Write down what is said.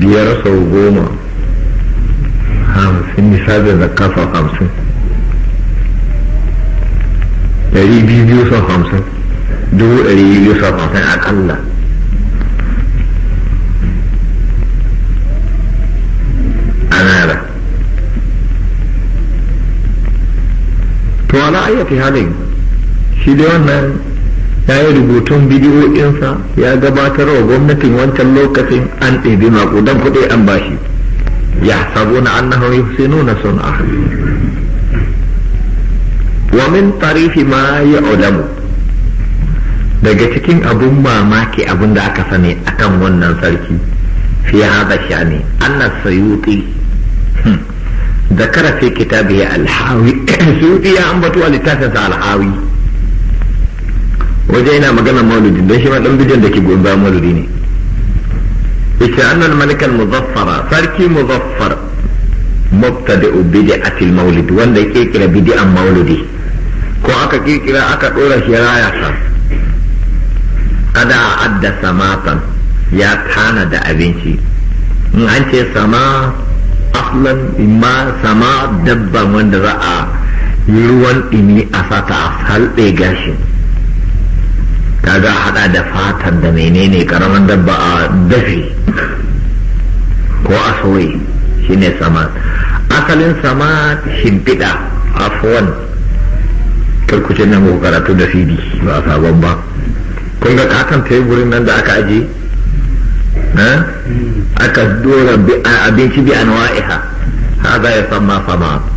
biyar sau goma hamsin misali da kafa hamsin ɗari biyu sau hamsin dubu ɗari biyu sau hamsin akalla anara to ala ayyati halin shi dai wannan ya yi rubutun bidiyoyinsa ya gabatar wa gwamnatin wancan lokacin an ɗebi maƙudan kuɗi an bashi ya sabo na an nahari su nuna suna wa min tarihi ma ya odamu daga cikin abun mamaki abun da aka sani akan wannan sarki fi shi ne annas sayuti ذكر في كتابه الحاوي سيوطي ya ambato a littafinsa alhawi waje yana magana maulidi don shi ma dan bijan da ke goyon bayan maulidi ne yace annal malikan muzaffara sarki muzaffar mubtadi'u bid'atil maulid wanda yake kira bid'an maulidi ko aka kirkira aka dora shi raya sa kada adda samatan ya tana da abinci in an ce sama aflan imma sama dabban wanda za a ruwan dimi a sata a halɗe gashin da za a hada da fatar da menene karamin dabba a dafi ko a soye shine sama asalin sama shimfiɗa afuwan karkucin nan ko karatu da fidi ba a sabon ba kun ga katon teburin nan da aka aje eh? aka dora abinci bi nawaiha haza ya sama sama